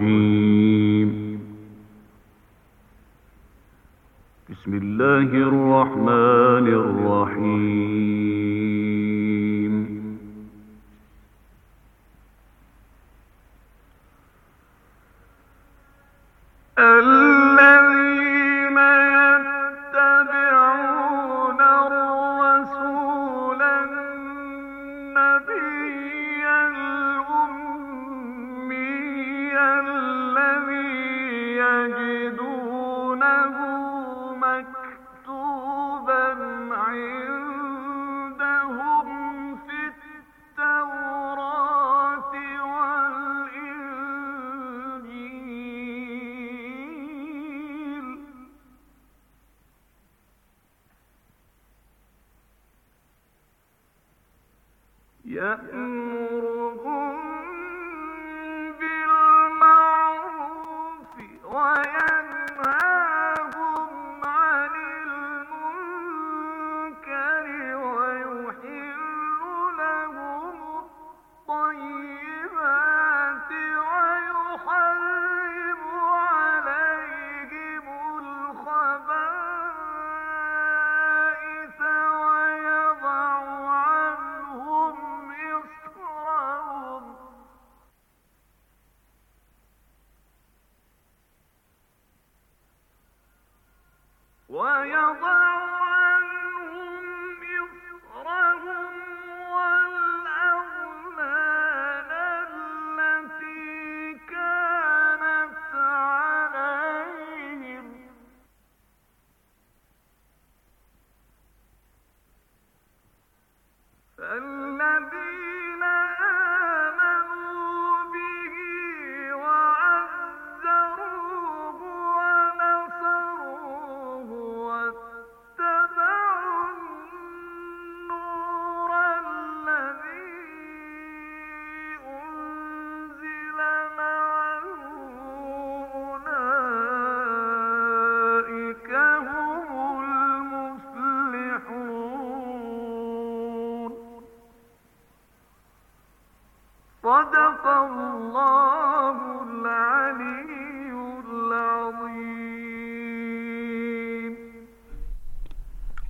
Lord mm. Yeah. Mm.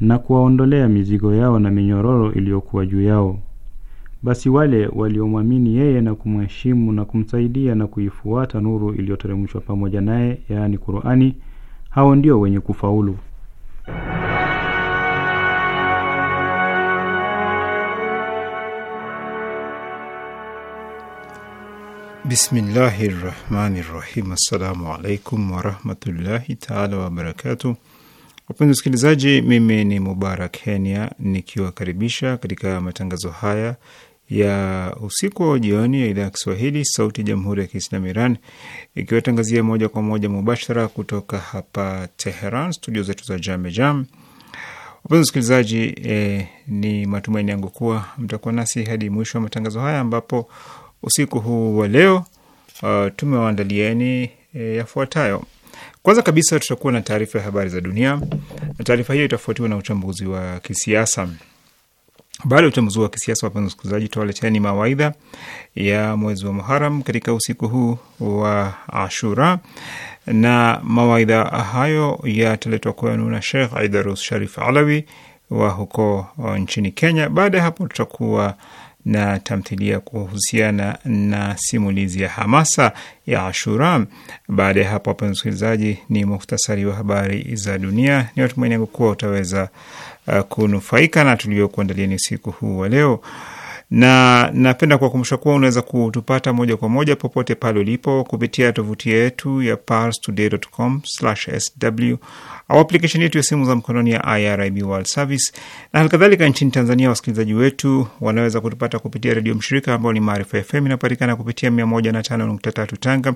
na kuwaondolea mizigo yao na minyororo iliyokuwa juu yao basi wale waliomwamini yeye na kumheshimu na kumsaidia na kuifuata nuru iliyoteremshwa pamoja naye yaani qurani hao ndio wenye kufaulu bismillahi rahmani rahim assalamu alaikum warahmatullahi taala wabarakatuh Wapenzi wasikilizaji, mimi ni Mubarak Kenya nikiwakaribisha katika matangazo haya ya usiku wa jioni ya idhaa ya Kiswahili sauti ya jamhuri ya Kiislamu Iran ikiwatangazia moja kwa moja mubashara kutoka hapa Teheran, studio zetu za Jamejam. Wapenzi wasikilizaji, eh, ni matumaini yangu kuwa mtakuwa nasi hadi mwisho wa matangazo haya, ambapo usiku huu wa leo uh, tumewaandalieni eh, yafuatayo kwanza kabisa tutakuwa na taarifa ya habari za dunia, na taarifa hiyo itafuatiwa na uchambuzi wa kisiasa. Baada ya uchambuzi wa kisiasa, wapenzi wasikilizaji, tutawaleteni mawaidha ya mwezi wa Muharam katika usiku huu wa Ashura, na mawaidha hayo yataletwa kwenu na Shekh Aidarus Sharif Alawi wa huko nchini Kenya. Baada ya hapo tutakuwa na tamthilia kuhusiana na simulizi ya hamasa ya Ashura. Baada ya hapo, wapenzi wasikilizaji, ni muhtasari wa habari za dunia. Ni matumaini yangu kuwa utaweza uh, kunufaika na tuliokuandaliani usiku huu wa leo na napenda kuwakumbusha kuwa unaweza kutupata moja kwa moja popote pale ulipo kupitia tovuti yetu ya parstoday.com/sw au aplikesheni yetu ya simu za mkononi ya IRIB World Service na halikadhalika, nchini Tanzania wasikilizaji wetu wanaweza kutupata kupitia redio mshirika ambao ni Maarifa FM, inapatikana kupitia 105.3 Tanga,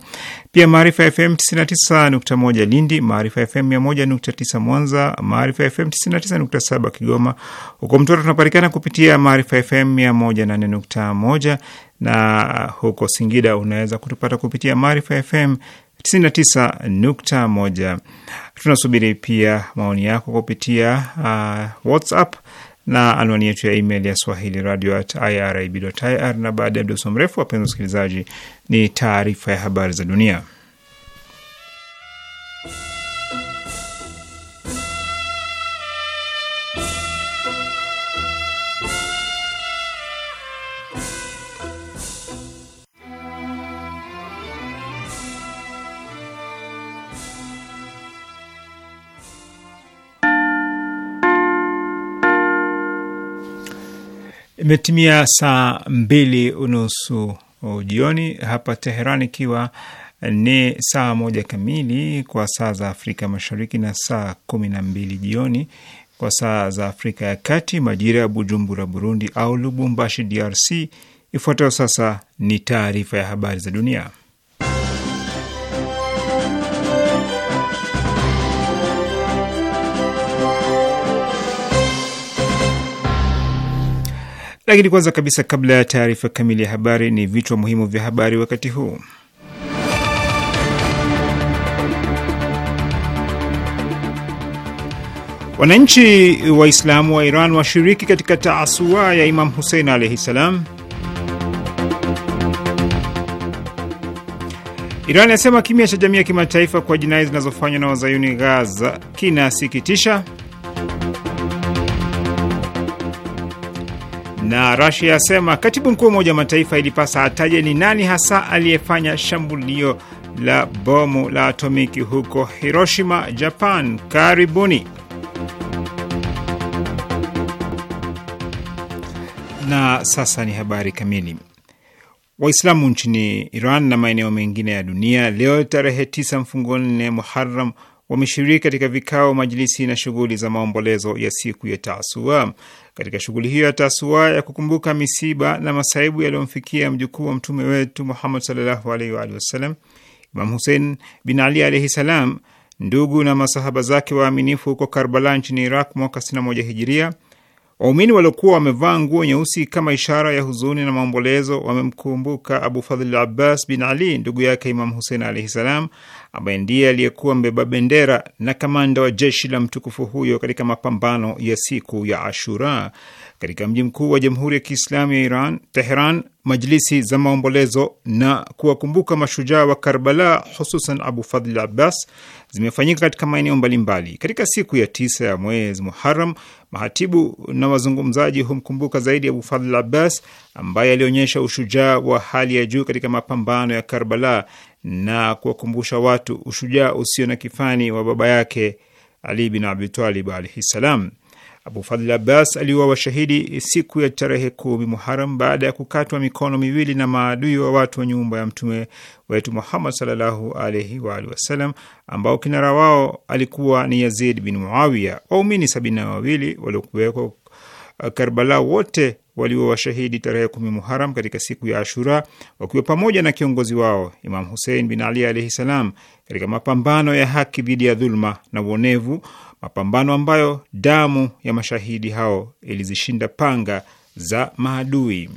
pia Maarifa FM 99.1 Lindi, Maarifa FM 101.9 Mwanza, Maarifa FM 99.7 Kigoma. Huko Mtoro tunapatikana kupitia Maarifa FM 108.1 na huko Singida unaweza kutupata kupitia Maarifa FM 99.1. Tunasubiri pia maoni yako kupitia uh, WhatsApp na anwani yetu ya email ya swahili radio at irib.ir. Na baada ya mdoso mrefu, wapenzi wasikilizaji, ni taarifa ya habari za dunia. Imetimia saa mbili unusu jioni hapa Teheran, ikiwa ni saa moja kamili kwa saa za Afrika Mashariki na saa kumi na mbili jioni kwa saa za Afrika ya Kati, majira ya Bujumbura, Burundi, au Lubumbashi, DRC. Ifuatayo sasa ni taarifa ya habari za dunia. Lakini kwanza kabisa, kabla ya taarifa kamili ya habari, ni vichwa muhimu vya habari wakati huu. Wananchi Waislamu wa Iran washiriki katika taasua ya Imam Husein alaihi salam. Iran yasema kimya cha jamii ya kimataifa kwa jinai zinazofanywa na wazayuni Gaza kinasikitisha. na Rasia yasema katibu mkuu wa Umoja wa Mataifa ilipasa ataje ni nani hasa aliyefanya shambulio la bomu la atomiki huko Hiroshima, Japan. Karibuni. Na sasa ni habari kamili. Waislamu nchini Iran na maeneo mengine ya dunia leo tarehe 9 mfungo nne Muharram wameshiriki katika vikao, majilisi na shughuli za maombolezo ya siku ya Taasua. Katika shughuli hiyo ya tasua ya kukumbuka misiba na masaibu yaliyomfikia mjukuu wa mtume wetu Muhammad sallallahu alaihi wa alihi wasallam, Imam husein bin Ali alaihi salam, ndugu na masahaba zake waaminifu huko Karbala nchini Iraq mwaka 61 hijiria, waumini waliokuwa wamevaa nguo nyeusi kama ishara ya huzuni na maombolezo wamemkumbuka Abu Fadhl Abbas bin Ali, ndugu yake Imam husein alaihi salam, ambaye ndiye aliyekuwa mbeba bendera na kamanda wa jeshi la mtukufu huyo katika mapambano ya siku ya Ashura katika mji mkuu wa Jamhuri ya Kiislamu ya Iran, Teheran. majlisi za maombolezo na kuwakumbuka mashujaa wa Karbala, hususan Abu Fadhl Abbas zimefanyika katika maeneo mbalimbali. Katika siku ya tisa ya mwezi Muharam, mahatibu na wazungumzaji humkumbuka zaidi Abu Fadhl Abbas ambaye alionyesha ushujaa wa hali ya juu katika mapambano ya Karbala na kuwakumbusha watu ushujaa usio na kifani wa baba yake Ali bin Abitalib alaihi ssalam Abu Fadhl Abbas aliuwa washahidi siku ya tarehe kumi Muharam baada ya kukatwa mikono miwili na maadui wa watu wa nyumba ya mtume wetu Muhammad sallallahu alaihi wa alihi wasallam, ambao kinara wao alikuwa ni Yazid bin Muawiya. Waumini sabini na wawili waliokuwekwa Karbala wote walio washahidi tarehe kumi Muharam katika siku ya Ashura wakiwa pamoja na kiongozi wao Imam Husein bin Ali alaihi salam katika mapambano ya haki dhidi ya dhuluma na uonevu, mapambano ambayo damu ya mashahidi hao ilizishinda panga za maadui.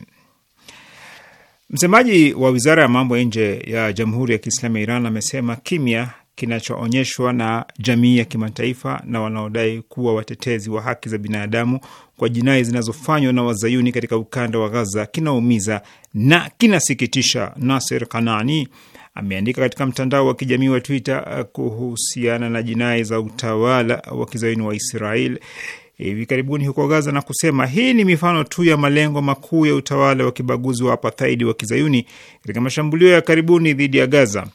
Msemaji wa wizara ya mambo ya nje ya Jamhuri ya Kiislamu ya Iran amesema kimya kinachoonyeshwa na jamii ya kimataifa na wanaodai kuwa watetezi wa haki za binadamu kwa jinai zinazofanywa na wazayuni katika ukanda wa Gaza kinaumiza na kinasikitisha. Nasir Kanani ameandika katika mtandao wa kijamii wa Twitter uh, kuhusiana na jinai za utawala wa kizayuni wa Israel hivi karibuni huko Gaza na kusema hii ni mifano tu ya malengo makuu ya utawala wa kibaguzi wa apathaidi wa kizayuni katika mashambulio ya karibuni dhidi ya Gaza.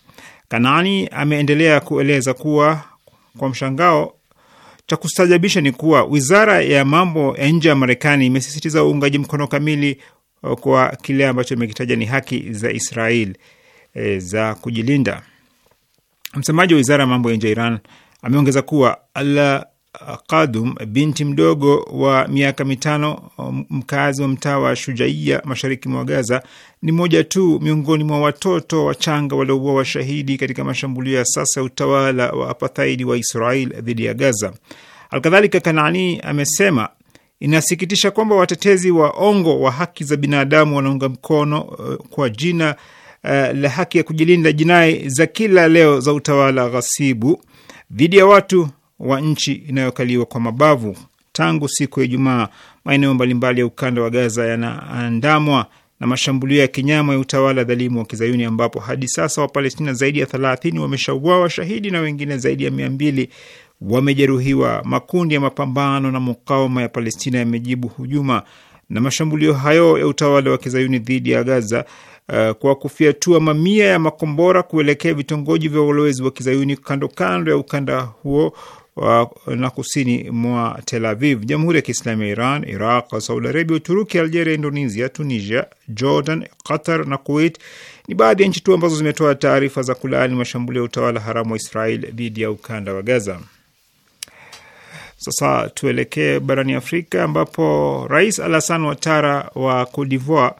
Kanani ameendelea kueleza kuwa kwa mshangao, cha kustajabisha ni kuwa wizara ya mambo ya nje ya Marekani imesisitiza uungaji mkono kamili uh, kwa kile ambacho imekitaja ni haki za Israel e, za kujilinda. Msemaji wa wizara ya mambo ya nje ya Iran ameongeza kuwa ala Uh, qadum binti mdogo wa miaka mitano, um, mkazi wa mtaa wa Shujaia mashariki mwa Gaza, ni mmoja tu miongoni mwa watoto wachanga walioua washahidi katika mashambulio ya sasa ya utawala wa apathaidi wa Israel dhidi ya Gaza. Alkadhalika, Kanaani amesema inasikitisha kwamba watetezi wa ongo wa haki za binadamu wanaunga mkono uh, kwa jina uh, la haki ya kujilinda jinai za kila leo za utawala ghasibu dhidi ya watu wa nchi inayokaliwa kwa mabavu. Tangu siku ya Ijumaa, maeneo mbalimbali ya ukanda wa Gaza yanaandamwa na mashambulio ya kinyama ya utawala dhalimu wa Kizayuni, ambapo hadi sasa Wapalestina zaidi ya thelathini wameshauawa shahidi na wengine zaidi ya mia mbili wamejeruhiwa. Makundi ya mapambano na mukawama ya Palestina yamejibu hujuma na mashambulio hayo ya utawala wa Kizayuni dhidi ya Gaza uh, kwa kufyatua mamia ya makombora kuelekea vitongoji vya walowezi wa Kizayuni kando kando ya ukanda huo na kusini mwa Tel Aviv. Jamhuri ya Kiislamu ya Iran, Iraq, Saudi Arabia, Uturuki, Algeria, Indonesia, Tunisia, Jordan, Qatar na Kuwait ni baadhi ya nchi tu ambazo zimetoa taarifa za kulaani mashambulio ya utawala haramu wa Israel dhidi ya ukanda wa Gaza. Sasa tuelekee barani Afrika ambapo Rais Alassane Ouattara wa Cote d'Ivoire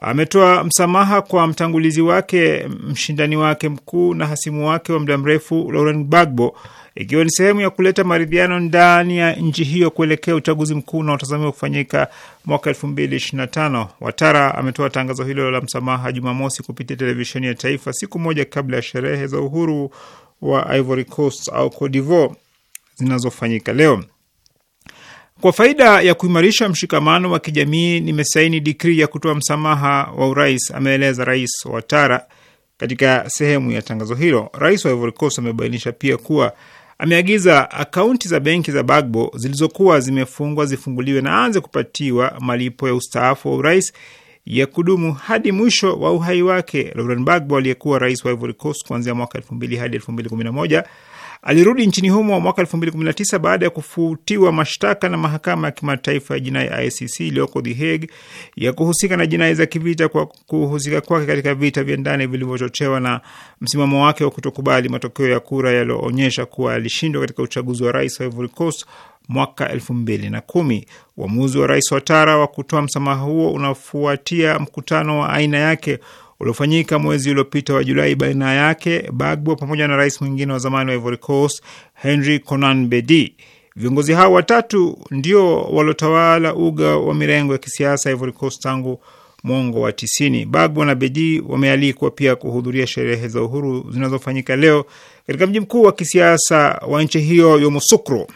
ametoa msamaha kwa mtangulizi wake, mshindani wake mkuu na hasimu wake wa muda mrefu Laurent Gbagbo ikiwa ni sehemu ya kuleta maridhiano ndani ya nchi hiyo kuelekea uchaguzi mkuu unaotazamiwa kufanyika mwaka tano. Watara ametoa tangazo hilo la msamaha Jumamosi kupitia televisheni ya taifa siku moja kabla ya sherehe za uhuru wa Ivory Coast au Cote d'Ivoire zinazofanyika leo. Kwa faida ya kuimarisha mshikamano wa kijamii, nimesaini dikrii ya kutoa msamaha wa urais, ameeleza Rais Watara katika sehemu ya tangazo hilo. Rais wa Ivory Coast amebainisha pia kuwa Ameagiza akaunti za benki za Bagbo zilizokuwa zimefungwa zifunguliwe na aanze kupatiwa malipo ya ustaafu wa urais ya kudumu hadi mwisho wa uhai wake. Laurent bagbo aliyekuwa rais wa Ivory Coast kuanzia mwaka elfu mbili hadi elfu mbili kumi na moja Alirudi nchini humo mwaka 2019 baada ya kufutiwa mashtaka na mahakama ya kimataifa ya jinai ICC iliyoko The Hague ya kuhusika na jinai za kivita kwa kuhusika kwake katika vita vya ndani vilivyochochewa na msimamo wake wa kutokubali matokeo ya kura yaliyoonyesha kuwa alishindwa katika uchaguzi wa rais wa Ivory Coast mwaka 2010. Uamuzi wa Rais Ouattara wa kutoa msamaha huo unafuatia mkutano wa aina yake uliofanyika mwezi uliopita wa Julai baina yake Bagbo pamoja na rais mwingine wa zamani wa Ivory Coast Henry Konan Bedi. Viongozi hao watatu ndio waliotawala uga wa mirengo ya kisiasa Ivory Coast tangu mwongo wa tisini. Bagbo na Bedi wamealikwa pia kuhudhuria sherehe za uhuru zinazofanyika leo katika mji mkuu wa kisiasa wa nchi hiyo Yamoussoukro.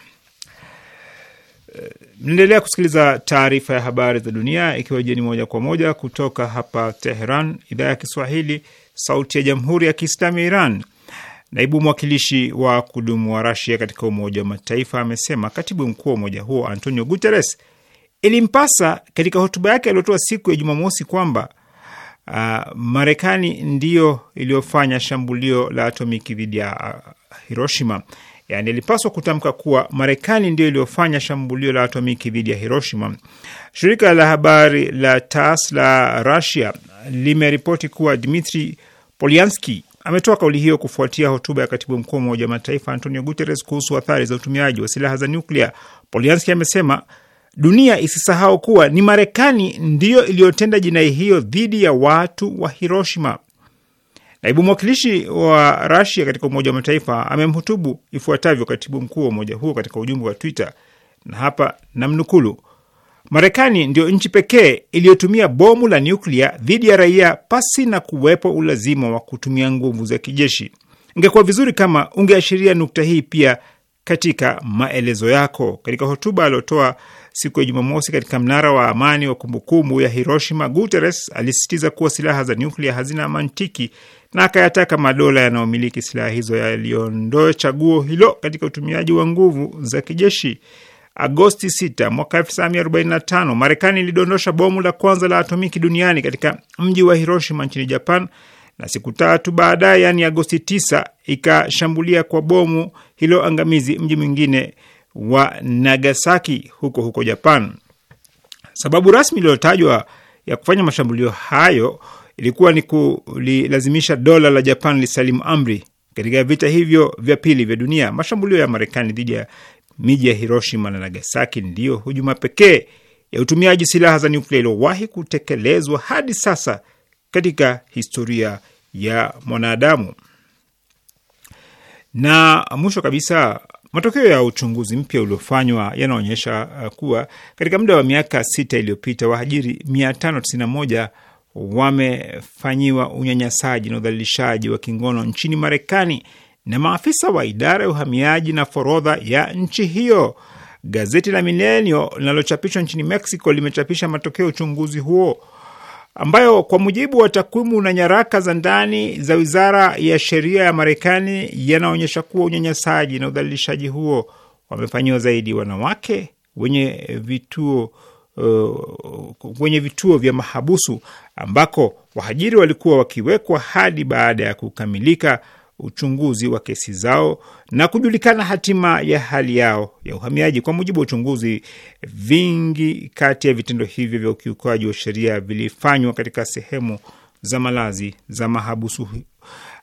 Mnaendelea kusikiliza taarifa ya habari za dunia ikiwa jeni moja kwa moja kutoka hapa Teheran, idhaa ya Kiswahili, sauti ya jamhuri ya kiislamu ya Iran. Naibu mwakilishi wa kudumu wa Rasia katika Umoja wa Mataifa amesema katibu mkuu wa umoja huo Antonio Guterres ilimpasa katika hotuba yake aliyotoa siku ya Jumamosi kwamba uh, Marekani ndiyo iliyofanya shambulio la atomiki dhidi ya uh, Hiroshima yani ilipaswa kutamka kuwa Marekani ndio iliyofanya shambulio la atomiki dhidi ya Hiroshima. Shirika la habari la TASS la Russia limeripoti kuwa Dmitri Polyanski ametoa kauli hiyo kufuatia hotuba ya katibu mkuu wa Umoja wa Mataifa Antonio Guterres kuhusu athari za utumiaji wa silaha za nyuklia. Polyanski amesema dunia isisahau kuwa ni Marekani ndiyo iliyotenda jinai hiyo dhidi ya watu wa Hiroshima. Naibu mwakilishi wa Rasia katika Umoja wa Mataifa amemhutubu ifuatavyo katibu mkuu wa umoja huo katika ujumbe wa Twitter, na hapa namnukulu: Marekani ndiyo nchi pekee iliyotumia bomu la nyuklia dhidi ya raia pasi na kuwepo ulazima wa kutumia nguvu za kijeshi. Ingekuwa vizuri kama ungeashiria nukta hii pia katika maelezo yako. Katika hotuba aliotoa siku ya Jumamosi katika mnara wa amani wa kumbukumbu ya Hiroshima, Guterres alisisitiza kuwa silaha za nyuklia hazina mantiki na akayataka madola yanayomiliki silaha hizo yaliondoe chaguo hilo katika utumiaji wa nguvu za kijeshi. Agosti 6 mwaka 1945, Marekani ilidondosha bomu la kwanza la atomiki duniani katika mji wa Hiroshima nchini Japan, na siku tatu baadaye, yaani Agosti 9, ikashambulia kwa bomu hilo angamizi mji mwingine wa Nagasaki huko huko Japan. Sababu rasmi iliyotajwa ya kufanya mashambulio hayo ilikuwa ni kulilazimisha dola la Japan lisalimu amri katika vita hivyo vya pili vya dunia. Mashambulio ya Marekani dhidi ya miji ya Hiroshima na Nagasaki ndiyo hujuma pekee ya utumiaji silaha za nyuklia iliyowahi kutekelezwa hadi sasa katika historia ya mwanadamu. Na mwisho kabisa, Matokeo ya uchunguzi mpya uliofanywa yanaonyesha uh, kuwa katika muda wa miaka sita iliyopita wahajiri 591 wamefanyiwa unyanyasaji na udhalilishaji wa kingono nchini Marekani na maafisa wa idara ya uhamiaji na forodha ya nchi hiyo. Gazeti la Milenio linalochapishwa nchini Mexico limechapisha matokeo ya uchunguzi huo ambayo kwa mujibu wa takwimu na nyaraka za ndani za wizara ya sheria ya Marekani yanaonyesha kuwa unyanyasaji na udhalilishaji huo wamefanyiwa zaidi wanawake wenye vituo uh, wenye vituo vya mahabusu ambako wahajiri walikuwa wakiwekwa hadi baada ya kukamilika uchunguzi wa kesi zao na kujulikana hatima ya hali yao ya uhamiaji. Kwa mujibu wa uchunguzi, vingi kati ya vitendo hivyo vya ukiukaji wa sheria vilifanywa katika sehemu za malazi za mahabusu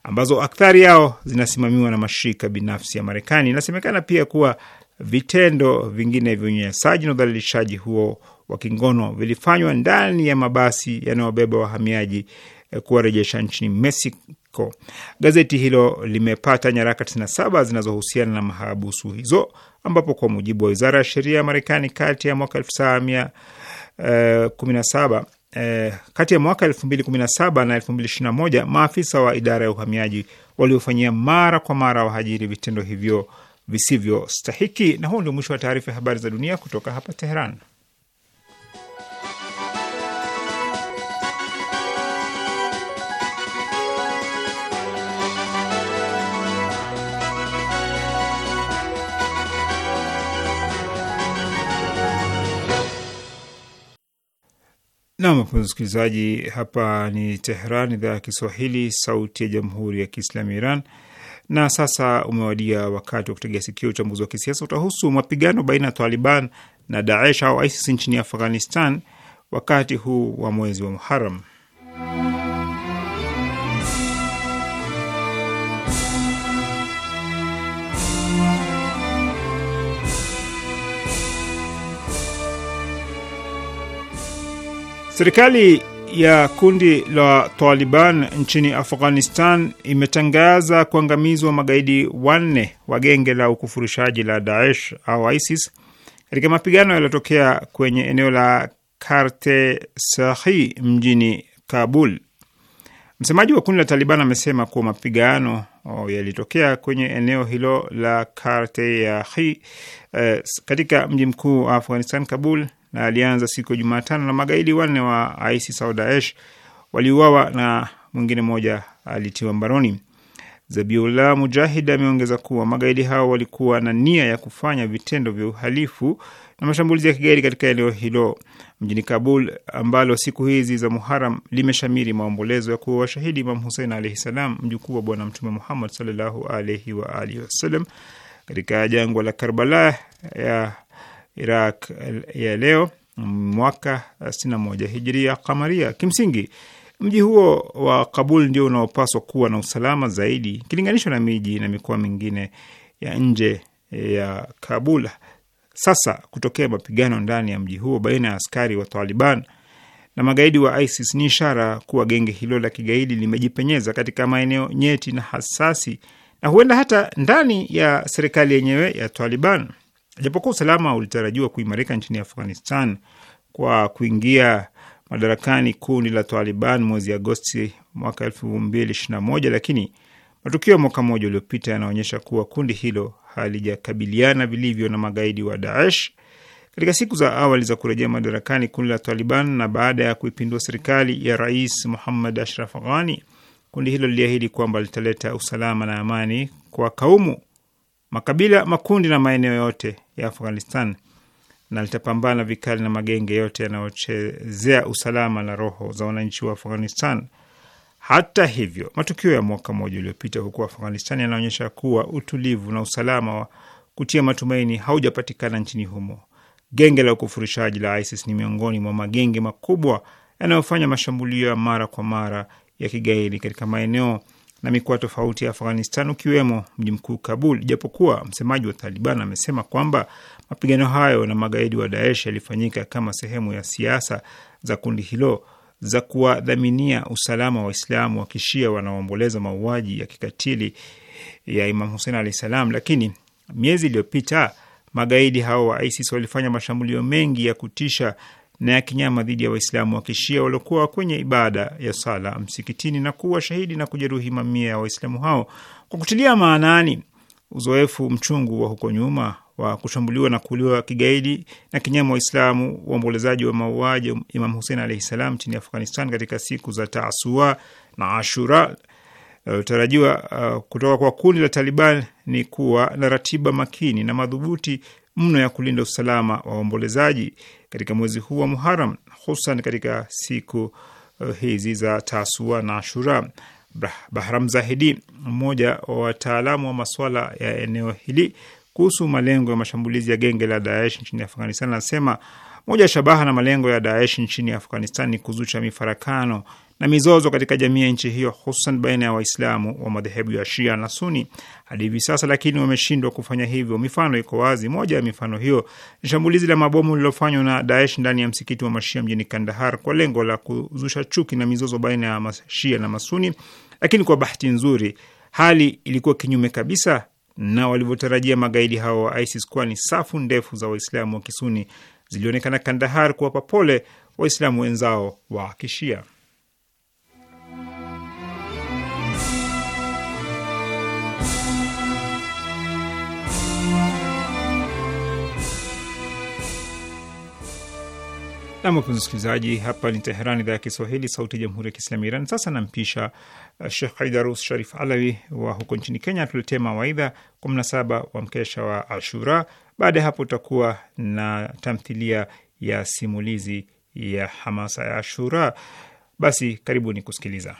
ambazo akthari yao zinasimamiwa na mashirika binafsi ya Marekani. Inasemekana pia kuwa vitendo vingine vya unyanyasaji na udhalilishaji huo wa kingono vilifanywa ndani ya mabasi yanayobeba wahamiaji eh, kuwarejesha nchini Mexico. Gazeti hilo limepata nyaraka 97 zinazohusiana na mahabusu hizo, ambapo kwa mujibu wa wizara ya sheria ya Marekani kati ya mwaka 1917 eh, eh, kati ya mwaka 2017 na 2021 maafisa wa idara ya uhamiaji waliofanyia mara kwa mara wahajiri vitendo hivyo visivyo stahiki. Na huu ndio mwisho wa taarifa ya habari za dunia kutoka hapa Teheran. Nam, wapenzi wasikilizaji, hapa ni Tehran, idhaa ya Kiswahili, sauti ya jamhuri ya kiislamu ya Iran. Na sasa umewadia wakati wa kutegea sikio. Uchambuzi wa kisiasa utahusu mapigano baina ya Taliban na Daesh au ISIS nchini Afghanistan wakati huu wa mwezi wa Muharam. Serikali ya kundi la Taliban nchini Afghanistan imetangaza kuangamizwa magaidi wanne wa genge la ukufurishaji la Daesh au ISIS katika mapigano yaliyotokea kwenye eneo la Karte Sahi mjini Kabul. Msemaji wa kundi la Taliban amesema kuwa mapigano oh, yalitokea kwenye eneo hilo la Karte Yahi eh, katika mji mkuu wa Afghanistan, Kabul, na alianza siku ya Jumatano na magaidi wanne wa ISIS au Daesh waliuawa na mwingine mmoja alitiwa mbaroni. Zabiullah Mujahid ameongeza kuwa magaidi hao walikuwa na nia ya kufanya vitendo vya uhalifu na mashambulizi ya kigaidi katika eneo hilo mjini Kabul, ambalo siku hizi za Muharam limeshamiri maombolezo ya kuwa washahidi Imam Husein alaihi salam, mjukuu wa Bwana Mtume Muhammad sallallahu alaihi wa alihi wasallam katika jangwa la Karbala ya Iraq eh, ya leo mwaka 61 eh, hijiria kamaria. Kimsingi, mji huo wa Kabul ndio unaopaswa kuwa na usalama zaidi ikilinganishwa na miji na mikoa mingine ya nje eh, ya Kabul. Sasa kutokea mapigano ndani ya mji huo baina ya askari wa Taliban na magaidi wa ISIS ni ishara kuwa genge hilo la kigaidi limejipenyeza katika maeneo nyeti na hasasi na huenda hata ndani ya serikali yenyewe ya Taliban. Japokuwa usalama ulitarajiwa kuimarika nchini Afghanistan kwa kuingia madarakani kundi la Taliban mwezi Agosti mwaka 2021, lakini matukio ya mwaka mmoja uliopita yanaonyesha kuwa kundi hilo halijakabiliana vilivyo na magaidi wa Daesh. Katika siku za awali za kurejea madarakani kundi la Taliban na baada ya kuipindua serikali ya Rais Muhammad Ashraf Ghani, kundi hilo liliahidi kwamba litaleta usalama na amani kwa kaumu makabila, makundi na maeneo yote ya Afghanistan na litapambana vikali na magenge yote yanayochezea usalama na roho za wananchi wa Afghanistan. Hata hivyo, matukio ya mwaka mmoja uliopita huko Afghanistan yanaonyesha kuwa utulivu na usalama wa kutia matumaini haujapatikana nchini humo. Genge la ukufurishaji la ISIS ni miongoni mwa magenge makubwa yanayofanya mashambulio ya mara kwa mara ya kigaidi katika maeneo na mikoa tofauti ya Afghanistan ukiwemo mji mkuu Kabul, japokuwa msemaji wa Taliban amesema kwamba mapigano hayo na magaidi wa Daesh yalifanyika kama sehemu ya siasa za kundi hilo za kuwadhaminia usalama wa Waislamu wa kishia wanaoomboleza mauaji ya kikatili ya Imam husen alahi salam. Lakini miezi iliyopita magaidi hao wa ISIS walifanya mashambulio mengi ya kutisha na ya kinyama dhidi ya Waislamu wa kishia waliokuwa kwenye ibada ya sala msikitini na kuwa shahidi na kujeruhi mamia ya Waislamu hao. Kwa kutilia maanani uzoefu mchungu wa huko nyuma wa kushambuliwa na kuuliwa kigaidi na kinyama Waislamu waombolezaji wa mauaji Imam Husein alaihi salam nchini Afghanistan katika siku za Taasua na Ashura eh, tarajiwa uh, kutoka kwa kundi la Taliban ni kuwa na ratiba makini na madhubuti mno ya kulinda usalama wa waombolezaji katika mwezi huu wa Muharam, hususan katika siku eh, hizi za Tasua na Ashura. Bahram Zahidi, mmoja wa wataalamu wa masuala ya eneo hili kuhusu malengo ya mashambulizi ya genge la Daesh nchini Afghanistan, anasema moja ya shabaha na malengo ya Daesh nchini Afghanistan ni kuzusha mifarakano na mizozo katika jamii ya nchi hiyo, hususan baina ya Waislamu wa madhehebu ya Shia na Suni hadi hivi sasa, lakini wameshindwa kufanya hivyo. Mifano iko wazi. Moja ya mifano hiyo ni shambulizi la mabomu lililofanywa na Daesh ndani ya msikiti wa Mashia mjini Kandahar kwa lengo la kuzusha chuki na mizozo baina ya Mashia na Masuni, lakini kwa bahati nzuri hali ilikuwa kinyume kabisa na walivyotarajia magaidi hao wa ISIS, kwani safu ndefu za Waislamu wa Kisuni zilionekana Kandahar kuwapa pole Waislamu wenzao wa Kishia. Nam, mpenzi msikilizaji, hapa ni Teheran, idhaa ya Kiswahili, sauti ya jamhuri ya kiislamu Iran. Sasa nampisha uh, Shekh Haidarus Sharif Alawi wa huko nchini Kenya atuletee mawaidha kwa mnasaba wa mkesha wa Ashura. Baada ya hapo, utakuwa na tamthilia ya simulizi ya hamasa ya Ashura. Basi karibuni kusikiliza.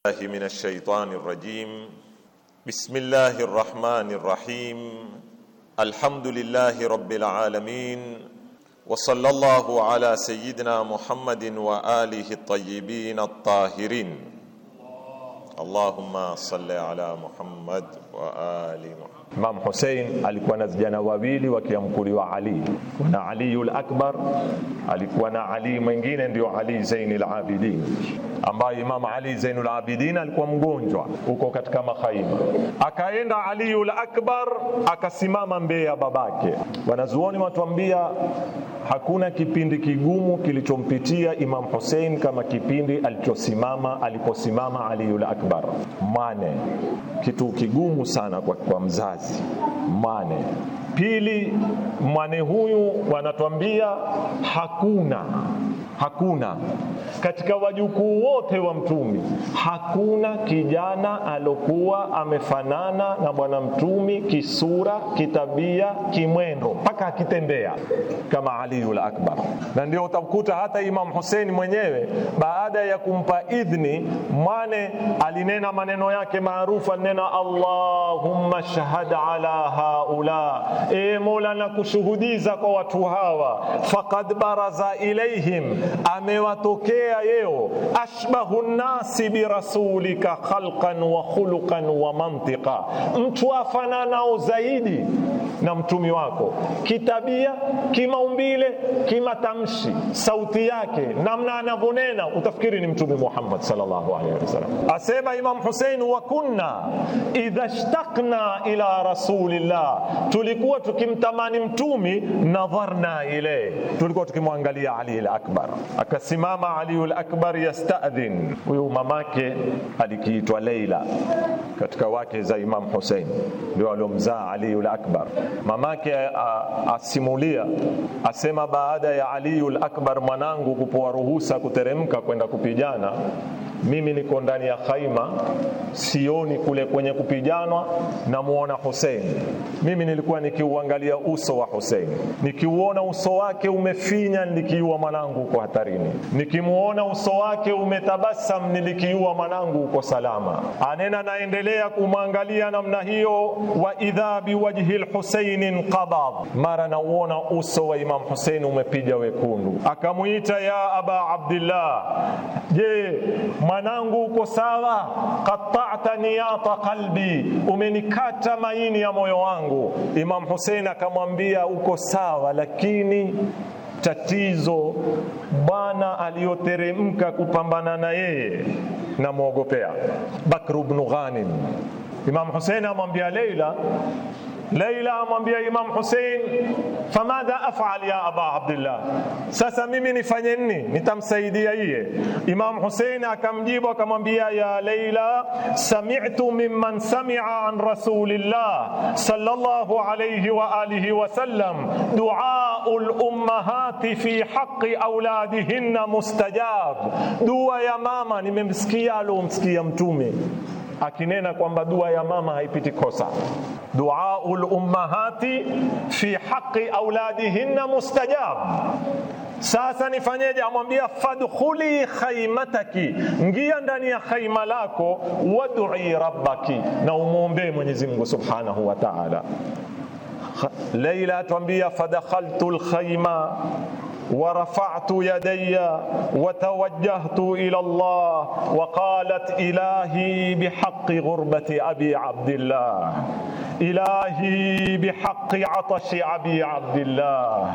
الله من الشيطان الرجيم بسم الله الرحمن الرحيم الحمد لله رب العالمين وصلى الله على سيدنا محمد واله الطيبين الطاهرين اللهم صل على محمد wa ali Imam Hussein alikuwa na vijana wawili wakiamkuliwa Ali. na Aliul Akbar, alikuwa na Ali mwingine ndio Ali Zainul Abidin, ambaye Imam Ali Zainul Abidin alikuwa mgonjwa huko katika makhaima. Akaenda Aliul Akbar akasimama mbele ya babake. Wanazuoni watuambia hakuna kipindi kigumu kilichompitia Imam Hussein kama kipindi alichosimama aliposimama Aliul Akbar. Mane kitu kigumu muhimu sana kwa, kwa mzazi mane Pili, mwane huyu wanatuambia hakuna hakuna katika wajukuu wote wa mtumi hakuna kijana alokuwa amefanana na bwana mtumi kisura, kitabia, kimwendo mpaka akitembea kama Aliyul Akbar. Na ndio utakuta hata Imam Hussein mwenyewe baada ya kumpa idhni mwane alinena maneno yake maarufu, alinena Allahumma shahada ala haula e Mola na kushuhudiza kwa watu hawa, faqad baraza ilaihim, amewatokea yeo ashbahu nnasi birasulika khalqan wa khuluqan wa mantiqa, mtu afananao zaidi na mtumi wako kitabia, kimaumbile, kimatamshi, sauti yake, namna anavyonena, utafikiri ni mtume Muhammad sallallahu alaihi wasallam. Asema Imam Hussein, wa kunna idha ishtaqna ila rasulillah, tulikuwa tulikuwa tukimtamani mtumi nadharna ile tulikuwa tukimwangalia ali al-akbar akasimama ali al-akbar yastadhin huyu mamake alikiitwa leila katika wake za imam husein ndio aliomzaa ali al-akbar mamake asimulia asema baada ya ali al-akbar mwanangu kupoa ruhusa kuteremka kwenda kupijana mimi niko ndani ya khaima, sioni kule kwenye kupijanwa, namuona Hussein. Mimi nilikuwa nikiuangalia uso wa Hussein, nikiuona uso wake umefinya, nilijua mwanangu uko hatarini. Nikimuona uso wake umetabasam, nilikiua mwanangu uko salama. Anena naendelea kumwangalia namna hiyo, wa idha biwajhi lhuseini qadab, mara nauona uso wa Imam Hussein umepija wekundu. Akamuita ya aba Abdillah, je mwanangu, uko sawa? Qata'ta niyata qalbi, umenikata maini ya moyo wangu. Imam Hussein akamwambia uko sawa, lakini tatizo bwana aliyoteremka kupambana na yeye namwogopea Bakr ibn Ghanim. Imam Hussein amwambia Leila Laila amwambia Imam Hussein, famadha afal ya aba Abdullah, sasa mimi nifanye nini? Nitamsaidia yeye. Imam Hussein akamjibu akamwambia, ya Laila, sami'tu mimman sami'a an rasulillah sallallahu alayhi wa alihi wa sallam duaul ummahati fi haqqi auladihinna mustajab, dua ya mama nimemsikia alomsikia Mtume akinena kwamba dua ya mama haipiti kosa, duaul ummahati fi haqi auladihinna mustajab. Sasa nifanyeje? Amwambia fadkhuli khaimataki, ngia ndani ya khaima lako, wadui rabbaki, na umwombee Mwenyezi Mungu subhanahu wa ta'ala. ليلى تنبيه فدخلت الخيمة ورفعت يدي وتوجهت الى الله وقالت الهي بحق غربه ابي عبد الله إلهي بحق عطش أبي عبد الله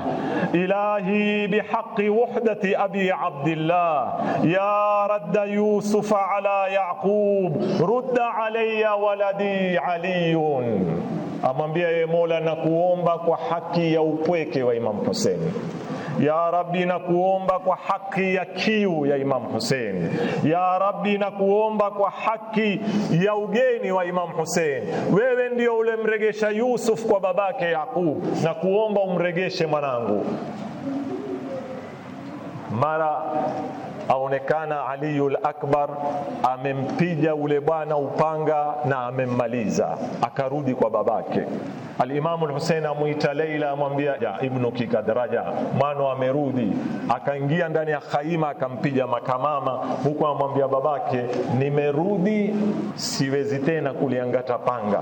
إلهي بحق وحدة أبي عبد الله يا رد يوسف على يعقوب رد علي ولدي علي amwambia yeye Mola, na kuomba kwa haki ya upweke wa Imam Hussein ya Rabbi, na kuomba kwa haki ya kiu ya Imam Hussein. Ya Rabbi, na kuomba kwa haki ya ugeni wa Imam Hussein. Wewe ndio ulemregesha Yusuf kwa babake Yaqub, na kuomba umregeshe mwanangu. Mara aonekana Aliyul Akbar amempiga ule bwana upanga na amemmaliza, akarudi kwa babake. Alimamu lhusein amwita Leila, amwambia ja, ibnuki kikadraja mwana amerudi. Akaingia ndani ya khaima akampiga makamama, huku amwambia babake, nimerudi, siwezi tena kuliangata panga,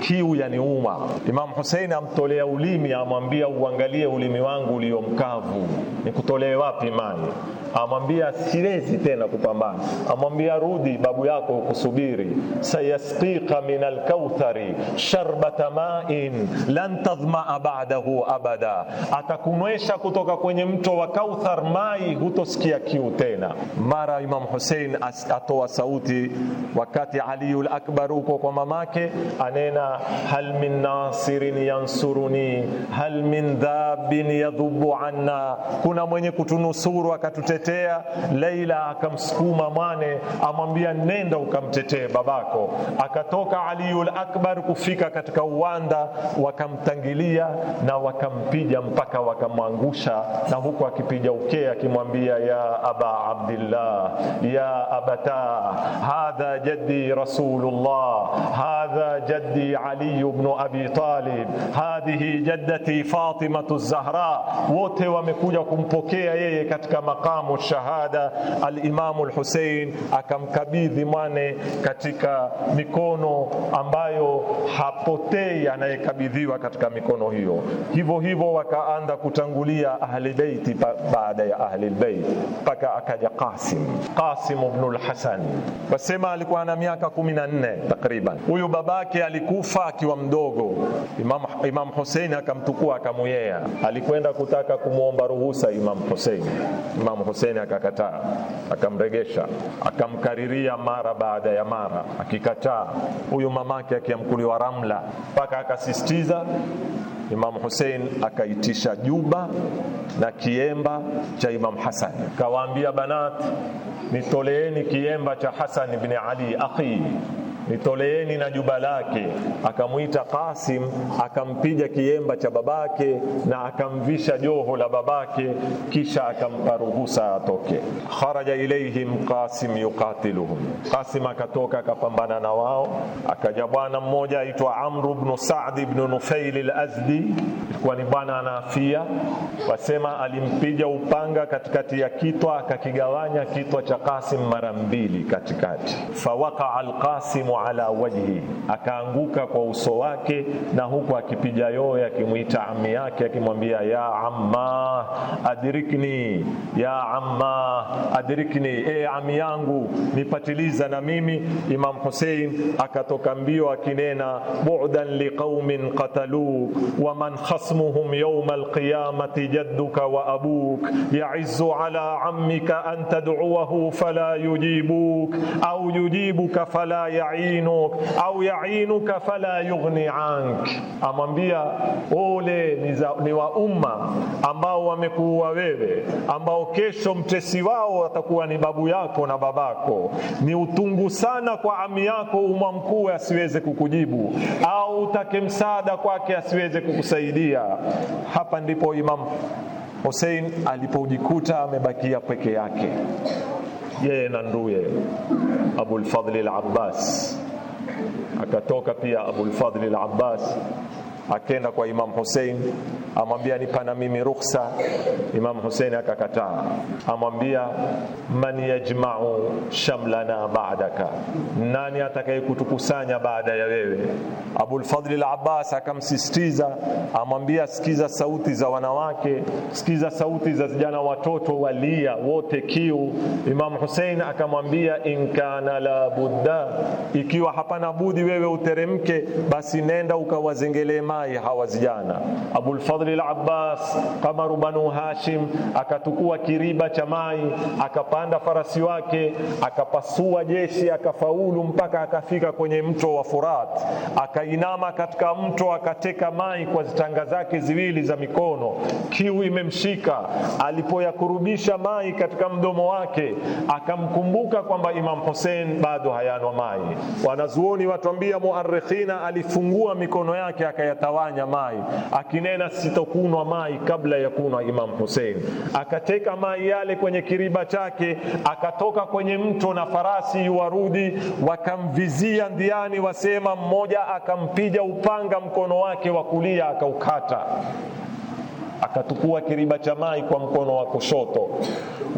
kiu yaniuma. Imamu Husein amtolea ulimi, amwambia uangalie ulimi wangu ulio mkavu, nikutolee wapi mani? Amwambia siwezi tena kupambana. Amwambia rudi, babu yako ukusubiri. sayasqika min alkauthari sharbata main kauthrin lan tadhmaa ba'dahu abada, atakunwesha kutoka kwenye mto wa Kauthar mai hutosikia kiu tena. Mara Imam Hussein atoa sauti wakati Aliul Akbar uko kwa mamake, anena hal min nasirin yansuruni hal min dhabin yadhubu anna, kuna mwenye kutunusuru akatutetea. Laila akamsukuma mwane, amwambia nenda ukamtetee babako. Akatoka Aliul Akbar kufika katika uwanda wakamtangilia na wakampija mpaka wakamwangusha, na huku akipija ukee akimwambia, ya aba Abdillah, ya abata hadha jaddi rasulullah hadha jaddi Ali ibn abi Talib hadhihi jaddati Fatimatu Zahra. Wote wamekuja kumpokea yeye katika makamu shahada. Alimamu Lhusein akamkabidhi mwane katika mikono ambayo hapotei anayeka walikabidhiwa katika mikono hiyo. Hivyo hivyo wakaanza kutangulia ahli baiti baada ya ahli bait, mpaka akaja Qasim, Qasim ibn al-Hasan. Wasema alikuwa na miaka 14 takriban. Huyu babake alikufa akiwa mdogo. Imam Imam Hussein akamtukua akamuyea, alikwenda kutaka kumwomba ruhusa Imam Hussein. Imam Hussein akakataa, akamregesha, akamkariria mara baada ya mara, akikataa. Huyu mamake akiamkuliwa ramla mpaka akasi kusisitiza, Imam Hussein akaitisha juba na kiemba cha Imamu Hassan, kawaambia banat, nitoleeni kiemba cha Hassan ibn Ali akhi nitoleeni na juba lake. Akamwita Qasim, akampiga kiemba cha babake na akamvisha joho la babake, kisha akampa ruhusa atoke. Kharaja ilaihim Qasim yuqatiluhum, Qasim akatoka akapambana na wao. Akaja bwana mmoja aitwa Amru bnu Sadi bnu Nufail al-Azdi, ilikuwa ni bwana anaafia, wasema alimpiga upanga katikati ya kitwa, akakigawanya kitwa cha Qasim mara mbili katikati, fawaqa al-Qasim yaqsimu ala wajhi, akaanguka kwa uso wake, na huku akipiga yoye, akimwita ammi yake, akimwambia ya amma adrikni, ya amma adrikni, e ami yangu nipatiliza na mimi. Imam Hussein akatoka mbio akinena bu'dan liqaumin qatalu wa man khasmuhum yawm alqiyamati jadduka wa abuk ya'izzu ala ammika an tad'uhu fala yujibuk au yujibuka fala ya'i yainuk au yainuka fala yughni ank, amwambia ole ni, za, ni wa umma ambao wamekuua wewe, ambao kesho mtesi wao watakuwa ni babu yako na babako. Ni utungu sana kwa ami yako umma mkuu asiweze kukujibu, au utake msaada kwake asiweze kukusaidia. Hapa ndipo Imam Hussein alipojikuta amebakia peke yake. yeye na nduye Abulfadli al-Abbas akatoka pia Abulfadli al-Abbas Akenda kwa Imam Hussein, amwambia nipa na mimi ruhusa. Imam Hussein akakataa, amwambia man yajma'u shamlana ba'daka, nani atakaye kutukusanya baada ya wewe? Abul Fadl al-Abbas akamsisitiza, amwambia sikiza sauti za wanawake, sikiza sauti za vijana, watoto walia wote kiu. Imam Hussein akamwambia in kana la budda, ikiwa hapana budi wewe uteremke, basi nenda ukawazengelee hatimaye hawazijana vijana al-Abbas Qamaru Banu Hashim akatukua kiriba cha mai, akapanda farasi wake, akapasua jeshi, akafaulu mpaka akafika kwenye mto wa Furat, akainama katika mto, akateka mai kwa zitanga zake ziwili za mikono, kiu imemshika. Alipoyakurubisha mai katika mdomo wake, akamkumbuka kwamba Imam Hussein bado hayanwa mai. Wanazuoni watuambia muarikhina alifungua mikono yake akaya akatawanya mai akinena sitokunwa mai kabla ya kunwa Imam Hussein. Akateka mai yale kwenye kiriba chake, akatoka kwenye mto na farasi yuwarudi, wakamvizia ndiani, wasema mmoja akampija upanga mkono wake wa kulia akaukata akatukua kiriba cha mai kwa mkono wa kushoto,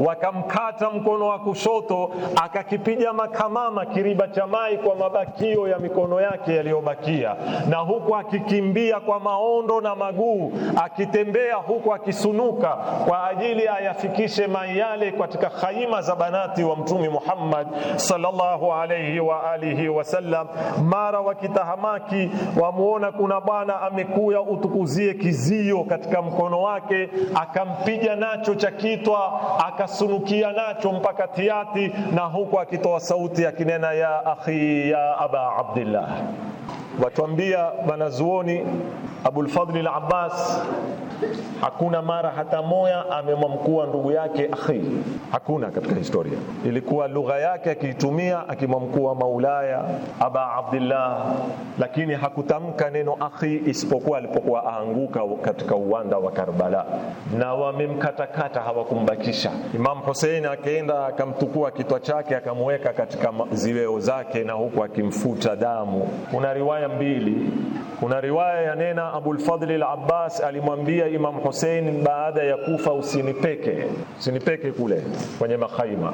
wakamkata mkono wa kushoto, akakipiga makamama kiriba cha mai kwa mabakio ya mikono yake yaliyobakia, na huku akikimbia kwa maondo na maguu, akitembea huku akisunuka kwa ajili ayafikishe mai yale katika khaima za banati wa Mtume Muhammad sallallahu alayhi wa alihi wasallam. Mara wakitahamaki, wamuona kuna bwana amekuya, utukuzie kizio katika mkono mkono wake akampiga nacho cha kitwa, akasunukia nacho mpaka tiati, na huku akitoa sauti akinena ya akhi ya aba Abdillah. Watuambia wanazuoni Abulfadli al Abbas hakuna mara hata moya amemwamkua ndugu yake akhi, hakuna katika historia. Ilikuwa lugha yake akiitumia akimwamkua maulaya aba Abdillah, lakini hakutamka neno akhi isipokuwa alipokuwa aanguka katika uwanda wa Karbala, na wamemkatakata hawakumbakisha. Imam Hussein akaenda akamtukua kitwa chake akamweka katika ziweo zake, na huku akimfuta damu. Kuna riwaya mbili, kuna riwaya yanena Abulfadli al-Abbas alimwambia Imam Hussein baada ya kufa, usinipeke usinipeke kule kwenye mahaima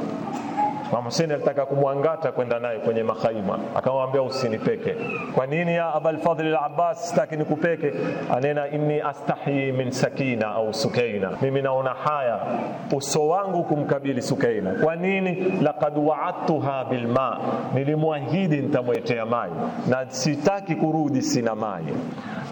Imam Hussein alitaka kumwangata kwenda naye kwenye mahaima, akamwambia usinipeke. Kwa nini ya Abul Fadhl al-Abbas, sitaki nikupeke? Anena inni astahi min Sakina au Sukaina, mimi naona haya uso wangu kumkabili Sukaina. Kwa nini? laqad wa'adtuha bilma, nilimwahidi nitamwetea maji na sitaki kurudi sina maji.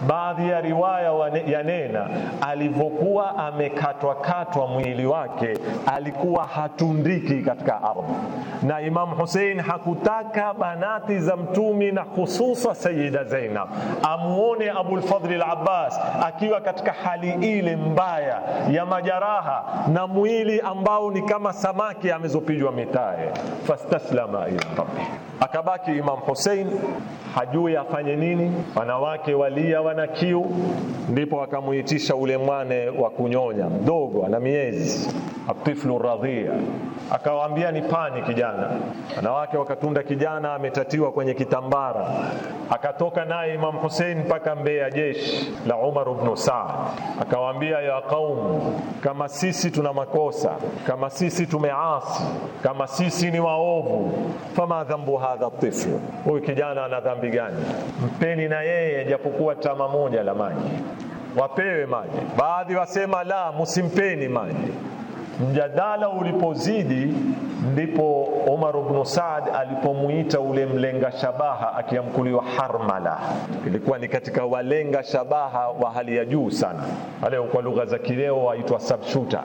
Baadhi ya riwaya yanena alivyokuwa amekatwakatwa mwili wake alikuwa hatundiki katika ardhi na Imamu Husein hakutaka banati za Mtumi na hususa Sayyida Zainab amuone Abulfadli abbas akiwa katika hali ile mbaya ya majaraha na mwili ambao ni kama samaki amezopijwa mitae. Fastaslama ila rabbi, akabaki Imamu Husein hajui afanye nini, wanawake walia, wana kiu. Ndipo akamuitisha ule mwane wa kunyonya mdogo, ana miezi atiflu radhia akawaambia ni pani kijana. Wanawake wakatunda kijana ametatiwa kwenye kitambara, akatoka naye Imam Hussein mpaka mbele ya jeshi la Umar ibn Saad, akawaambia ya kaumu, kama sisi tuna makosa, kama sisi tumeasi, kama sisi ni waovu, fama dhambu hadha tiflu, huyu kijana ana dhambi gani? Mpeni na yeye japokuwa tama moja la maji, wapewe maji. Baadhi wasema la, musimpeni maji Mjadala ulipozidi ndipo Umar ibn Saad alipomuita ule mlenga shabaha akiamkuliwa Harmala. Ilikuwa ni katika walenga shabaha wa hali ya juu sana, wale kwa lugha za kileo waitwa sharpshooter.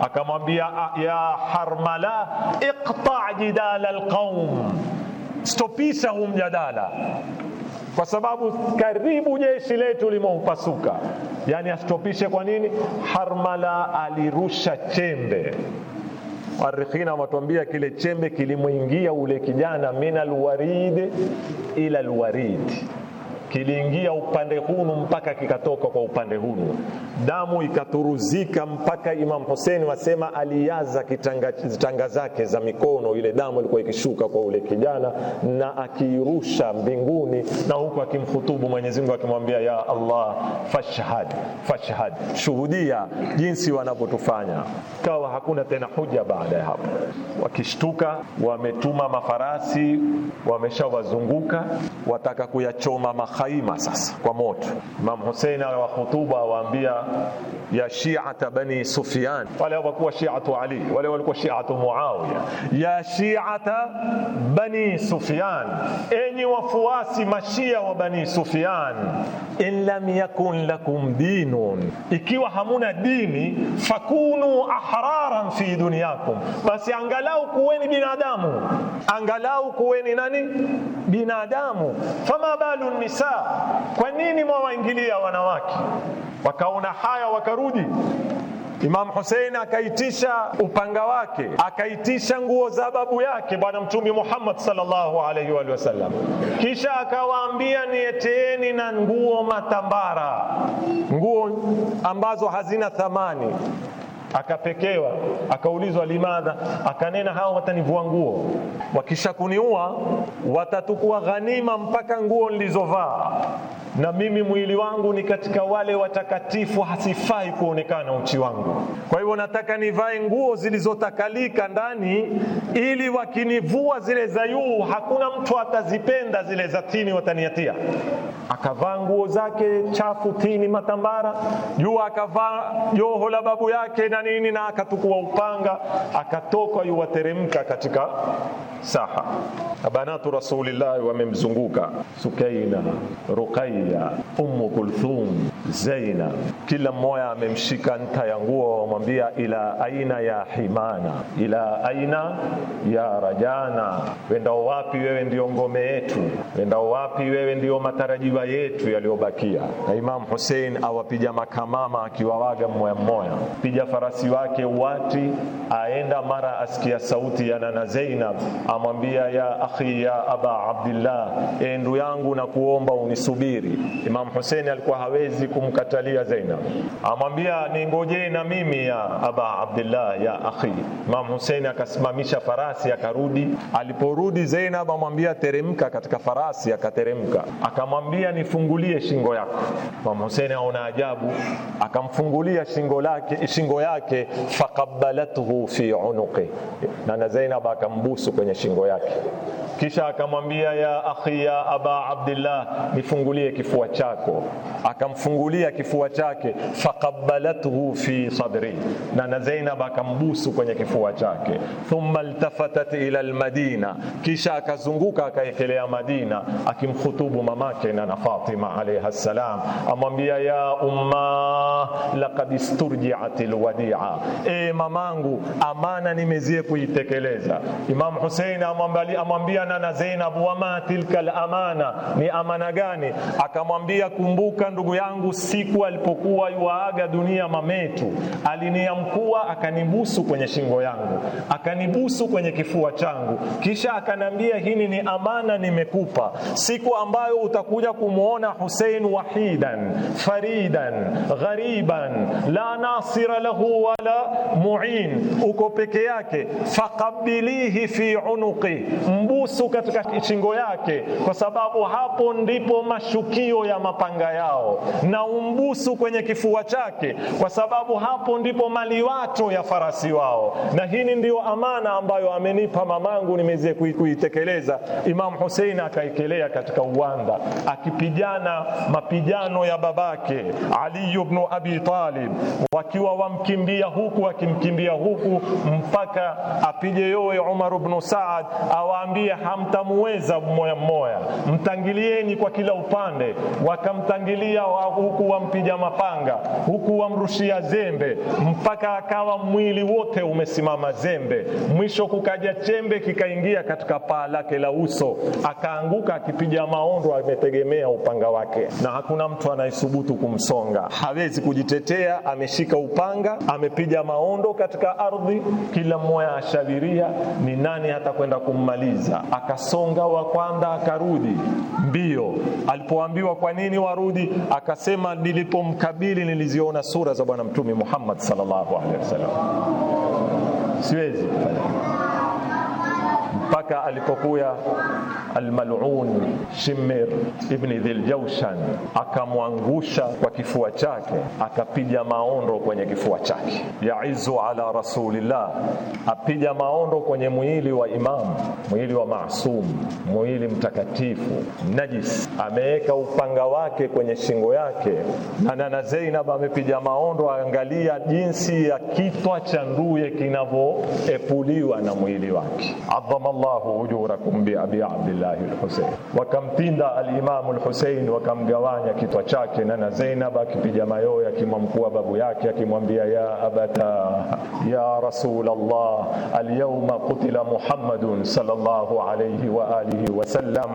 Akamwambia ya Harmala, iqta jidala alqaum, stopisha huu mjadala kwa sababu karibu jeshi letu limeupasuka. Yani asitopishe. Kwa nini? Harmala alirusha chembe. Warikhina watuambia kile chembe kilimwingia ule kijana, min alwaridi ila alwarid kiliingia upande hunu mpaka kikatoka kwa upande hunu, damu ikaturuzika mpaka Imam Hussein wasema aliaza kitanga, tanga zake za mikono. Ile damu ilikuwa ikishuka kwa ule kijana na akiirusha mbinguni, na huku akimhutubu Mwenyezi Mungu akimwambia, ya Allah fashhad fashhad, shuhudia jinsi wanavyotufanya. Kawa hakuna tena hoja baada ya hapo, wakishtuka wametuma mafarasi, wameshawazunguka wataka kuyachoma maha khaima sasa kwa moto. Imam Hussein awa khutuba awaambia ya shiata bani Sufyan, wale hawakuwa shiatu Ali, wale walikuwa shiatu Muawiya. Ya shiata bani Sufyan, enyi wafuasi mashia wa bani Sufyan, in lam yakun lakum dinun, ikiwa hamuna dini, fakunu ahraran fi dunyakum, basi angalau kuweni binadamu, angalau kuweni nani binadamu. Fama balu nisa kwa nini mwawaingilia wanawake? Wakaona haya wakarudi. Imam Hussein akaitisha upanga wake, akaitisha nguo za babu yake Bwana Mtume Muhammad sallallahu alaihi wa sallam, kisha akawaambia nieteeni na nguo matambara, nguo ambazo hazina thamani akapekewa, akaulizwa limadha, akanena hao watanivua nguo, wakishakuniua watatukua ghanima mpaka nguo nilizovaa na mimi mwili wangu ni katika wale watakatifu, hasifai kuonekana uchi wangu. Kwa hivyo nataka nivae nguo zilizotakalika ndani, ili wakinivua zile za juu hakuna mtu atazipenda, zile za tini wataniatia. Akavaa nguo zake chafu, tini, matambara, juu akavaa joho la babu yake na nini, na akatukua upanga, akatoka yuwateremka katika saha. Abanatu Rasulillahi wamemzunguka Sukaina, Ruqayya María, Umm Kulthum, Zainab, kila mmoja amemshika nta ya nguo, wamwambia ila aina ya himana, ila aina ya rajana, wenda wapi wewe? Ndio ngome yetu, wenda wapi wewe? Ndio matarajiwa yetu yaliyobakia. Na Imam Hussein awapiga makamama akiwawaga mmoya mmoya pija farasi wake wati, aenda mara asikia sauti ya nana Zainab, amwambia ya akhi ya aba Abdillah, e ee ndu yangu, na kuomba unisubiri. Imam Hussein alikuwa hawezi kumkatalia Zainab, amwambia ningojee na mimi ya aba Abdillah ya akhi. Imam Hussein akasimamisha farasi akarudi. Aliporudi Zainab amwambia teremka katika farasi, akateremka. Akamwambia nifungulie shingo yako. Imam Hussein aona ajabu, akamfungulia shingo lake shingo yake, faqabbalathu fi unuqi, na Zainab akambusu kwenye shingo yake. Kisha akamwambia ya akhi, ya aba Abdillah, nifungulie kifua chako. Akamfungulia kifua chake, faqabbalathu fi sadri, na na Zainab akambusu kwenye kifua chake. Thumma altafatat ila almadina, kisha akazunguka akaekelea Madina, akimkhutubu mamake na na Fatima alayha salam, amwambia ya umma laqad isturjiat alwadia, e mamangu, amana nimezie kuitekeleza. Imam Hussein amwambia akakutana na Zainab, ma tilka al-amana, ni amana gani? Akamwambia, kumbuka ndugu yangu, siku alipokuwa yuaaga dunia mametu, aliniamkua akanibusu kwenye shingo yangu, akanibusu kwenye kifua changu, kisha akanambia, hini ni amana nimekupa. Siku ambayo utakuja kumwona Hussein wahidan faridan ghariban la nasira lahu wala muin, uko peke yake, faqabilihi fi unuqi mbusu kisu katika shingo yake, kwa sababu hapo ndipo mashukio ya mapanga yao, na umbusu kwenye kifua chake, kwa sababu hapo ndipo maliwato ya farasi wao. Na hili ndiyo amana ambayo amenipa mamangu, nimeze kuitekeleza. Imam Hussein akaikelea katika uwanda, akipigana mapigano ya babake Ali ibn Abi Talib, wakiwa wamkimbia huku akimkimbia huku, mpaka apige yowe Umar ibn Saad awaambie hamtamuweza mmoja mmoja, mtangilieni kwa kila upande. Wakamtangilia wa huku wampija mapanga, huku wamrushia zembe, mpaka akawa mwili wote umesimama zembe. Mwisho kukaja chembe kikaingia katika paa lake la uso, akaanguka akipija maondo, ametegemea upanga wake, na hakuna mtu anayesubutu kumsonga. Hawezi kujitetea, ameshika upanga, amepija maondo katika ardhi, kila mmoja ashabiria ni nani hata kwenda kummaliza akasonga wa kwanza akarudi mbio. Alipoambiwa kwa nini warudi, akasema nilipomkabili niliziona sura za Bwana Mtume Muhammad sallallahu alaihi wasallam, siwezi kufanya mpaka alipokuya almalun Shimir ibni dhiljaushan akamwangusha kwa kifua chake, akapiga maondo kwenye kifua chake. Yaizu ala rasulillah, apiga maondo kwenye mwili wa imamu, mwili wa masum mwili mtakatifu najis. Ameweka upanga wake kwenye shingo yake, na nana Zainab amepiga maondo, aangalia jinsi ya kitwa cha nduye kinavyoepuliwa na mwili wake الله أجوركم بأبي عبد الله الحسين وكم تندى الإمام الحسين وكم قوانيا كتوى شاك نانا زينب كتوى جمايو يا كممكوى بابو ياك يا كممبيا يا أبتا يا رسول الله اليوم قتل محمد صلى الله عليه وآله وسلم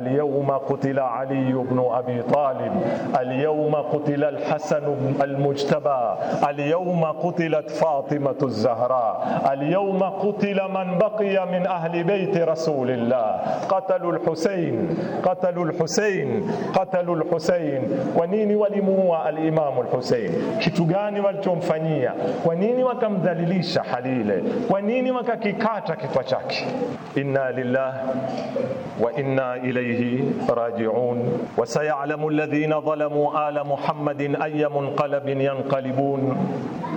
اليوم قتل علي بن أبي طالب اليوم قتل الحسن المجتبى اليوم قتلت فاطمة الزهراء اليوم قتل من بقي من أهل ahli beiti rasulillah qatalu lhusein qatalu lhusein qatalu lhusein. Kwa nini walimuua alimamu lhusein? Kitu gani walichomfanyia? Kwa nini wakamdhalilisha halile? Kwa nini wakakikata kichwa chake? Inna lillah wa inna ilayhi rajiun. Wa sayalamu alladhina dhalamu ala muhammadin ayya munqalabin yanqalibun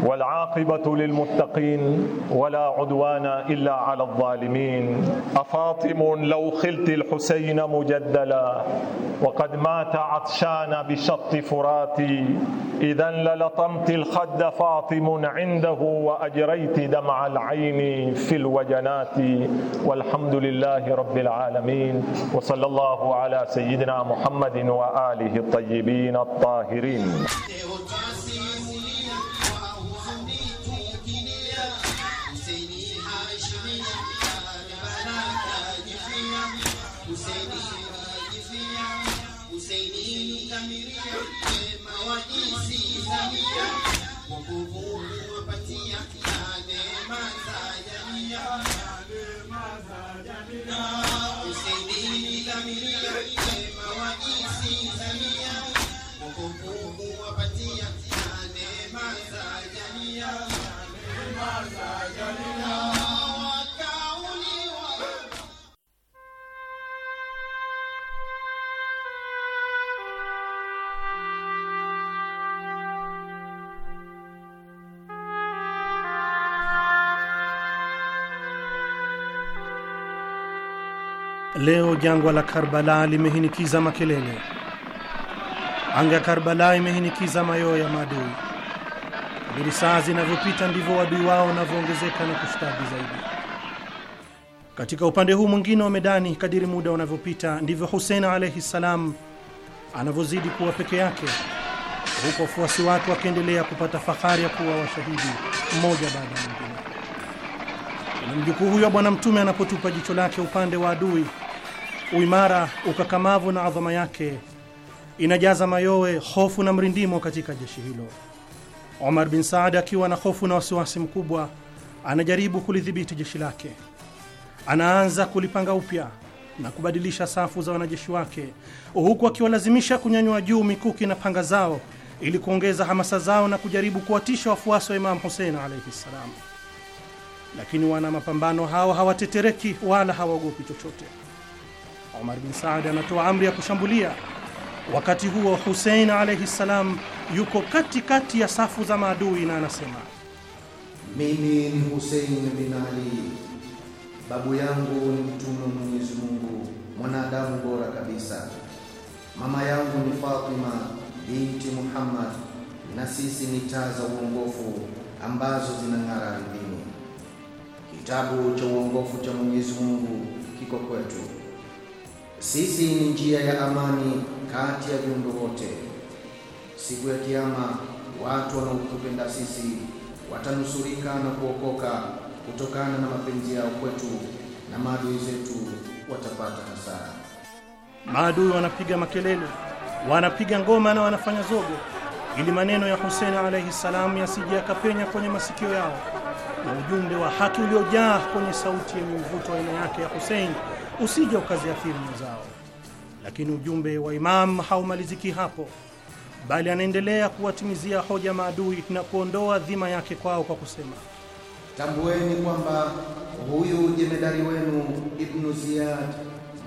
والعاقبة للمتقين ولا عدوان إلا على الظالمين أفاطم لو خلت الحسين مجدلا وقد مات عطشان بشط فراتي إذا للطمت الخد فاطم عنده وأجريت دمع العين في الوجنات والحمد لله رب العالمين وصلى الله على سيدنا محمد وآله الطيبين الطاهرين Leo jangwa la Karbala limehinikiza makelele, anga ya Karbala imehinikiza mayoo ya maadui. Kadiri saa zinavyopita ndivyo wadui wao wanavyoongezeka na kustabi zaidi. Katika upande huu mwingine wa medani, kadiri muda unavyopita ndivyo Husein alaihi ssalam anavyozidi kuwa peke yake, huku wafuasi wake wakiendelea kupata fahari ya kuwa washahidi mmoja baada ya mwingine. Na mjukuu huyo wa Bwana Mtume anapotupa jicho lake upande wa adui uimara, ukakamavu na adhama yake inajaza mayowe, hofu na mrindimo katika jeshi hilo. Omar bin Saad akiwa na hofu na wasiwasi mkubwa, anajaribu kulidhibiti jeshi lake. Anaanza kulipanga upya na kubadilisha safu za wanajeshi wake, huku akiwalazimisha kunyanywa juu mikuki na panga zao ili kuongeza hamasa zao na kujaribu kuwatisha wafuasi wa Imamu Husein alaihi ssalam. Lakini wana mapambano hao hawatetereki wala hawaogopi chochote. Omar bin Saad anatoa amri ya kushambulia. Wakati huo Husein alaihi ssalam yuko katikati kati ya safu za maadui na anasema, mimi ni Husein bin Ali, babu yangu ni mtume wa Mwenyezi Mungu, mwanadamu bora kabisa. Mama yangu ni Fatima binti Muhammad, na sisi ni taa za uongofu ambazo zinang'ara ardhini. Kitabu cha uongofu cha Mwenyezi Mungu kiko kwetu sisi ni njia ya amani kati ya viumbe wote. Siku ya Kiyama, watu wanaotupenda sisi watanusurika na kuokoka kutokana na mapenzi yao kwetu, na maadui zetu watapata hasara. Maadui wanapiga makelele, wanapiga ngoma na wanafanya zogo, ili maneno ya Hussein alayhi salamu yasije yakapenya kwenye masikio yao, na ujumbe wa haki uliojaa kwenye sauti yenye mvuto aina yake ya Hussein usije ukaziathiri mwenzao. Lakini ujumbe wa Imam haumaliziki hapo, bali anaendelea kuwatimizia hoja maadui na kuondoa dhima yake kwao kwa kusema, tambueni kwamba huyu jemedari wenu Ibnu Ziyad,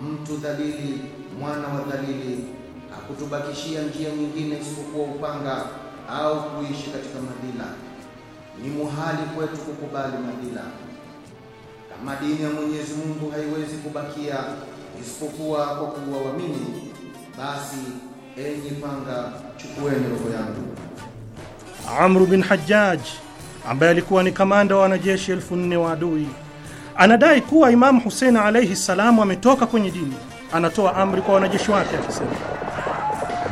mtu dhalili, mwana wa dhalili, hakutubakishia njia nyingine isipokuwa upanga au kuishi katika madhila. Ni muhali kwetu kukubali madhila madini ya Mwenyezi Mungu haiwezi kubakia isipokuwa kwa kuwa wamini basi enyi panga, chukueni roho yangu. Amru bin Hajjaj ambaye alikuwa ni kamanda wa wanajeshi elfu nne wa adui anadai kuwa Imamu Husein alaihi salamu ametoka kwenye dini. Anatoa amri kwa wanajeshi wake akisema,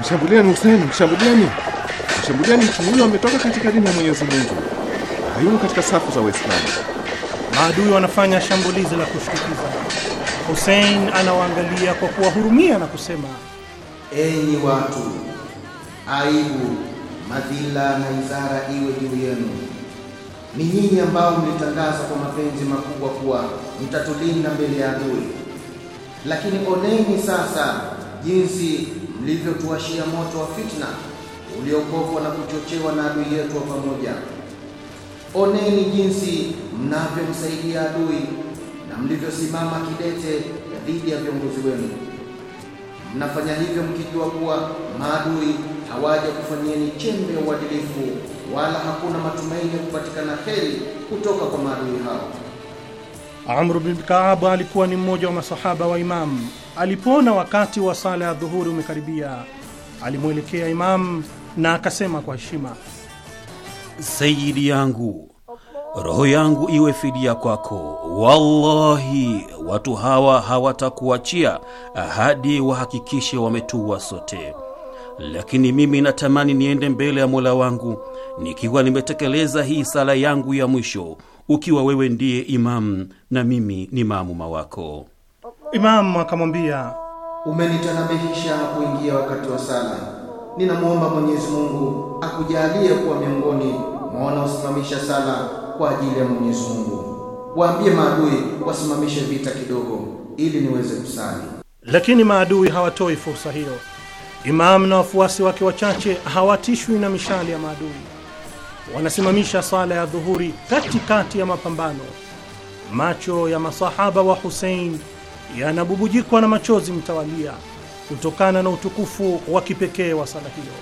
mshambulieni Husein, mshambulieni, mshambulieni, huyo ametoka katika dini ya Mwenyezi Mungu, hayuko katika safu za Waislamu. Maadui wanafanya shambulizi la kushtukiza. Hussein anawaangalia kwa kuwahurumia na kusema, enyi watu, aibu, madhila na izara iwe juu yenu. Ni nyinyi ambao mlitangaza kwa mapenzi makubwa kuwa mtatulinda mbele ya adui, lakini oneni sasa jinsi mlivyotuashia moto wa fitna uliokopwa na kuchochewa na adui yetu wa pamoja. Oneni jinsi mnavyomsaidia adui na mlivyosimama kidete dhidi ya viongozi wenu. Mnafanya hivyo mkijua kuwa maadui hawaja kufanyieni chembe ya uadilifu, wala hakuna matumaini ya kupatikana heri kutoka kwa maadui hao. Amru bin Kaabu alikuwa ni mmoja wa masahaba wa Imamu. Alipoona wakati wa sala ya dhuhuri umekaribia, alimwelekea Imamu na akasema kwa heshima sayidi yangu, roho yangu iwe fidia kwako. Wallahi, watu hawa hawatakuachia hadi wahakikishe wametuwa sote. Lakini mimi natamani niende mbele ya Mola wangu nikiwa nimetekeleza hii sala yangu ya mwisho, ukiwa wewe ndiye imamu na mimi ni maamuma wako. Imamu akamwambia, umenitanabihisha kuingia wakati wa sala ninamwomba Mwenyezi Mungu akujalie kuwa miongoni mwa wanaosimamisha sala kwa ajili ya Mwenyezi Mungu. Waambie maadui wasimamishe vita kidogo, ili niweze kusali. Lakini maadui hawatoi fursa hiyo. Imamu na wafuasi wake wachache hawatishwi na mishale ya maadui, wanasimamisha sala ya dhuhuri katikati ya mapambano. Macho ya masahaba wa Husein yanabubujikwa na machozi mtawalia kutokana na utukufu wa kipekee wa sala hiyo.